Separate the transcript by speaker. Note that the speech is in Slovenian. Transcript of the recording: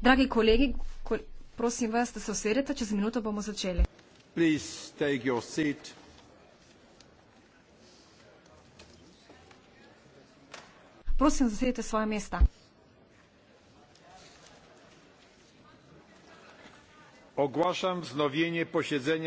Speaker 1: Dragi kolegi, prosim vas, da se usedete, čez minuto bomo začeli.
Speaker 2: Prosim, zasedite svoje mesta.
Speaker 3: Ogłaszam wznowienie posiedzenia.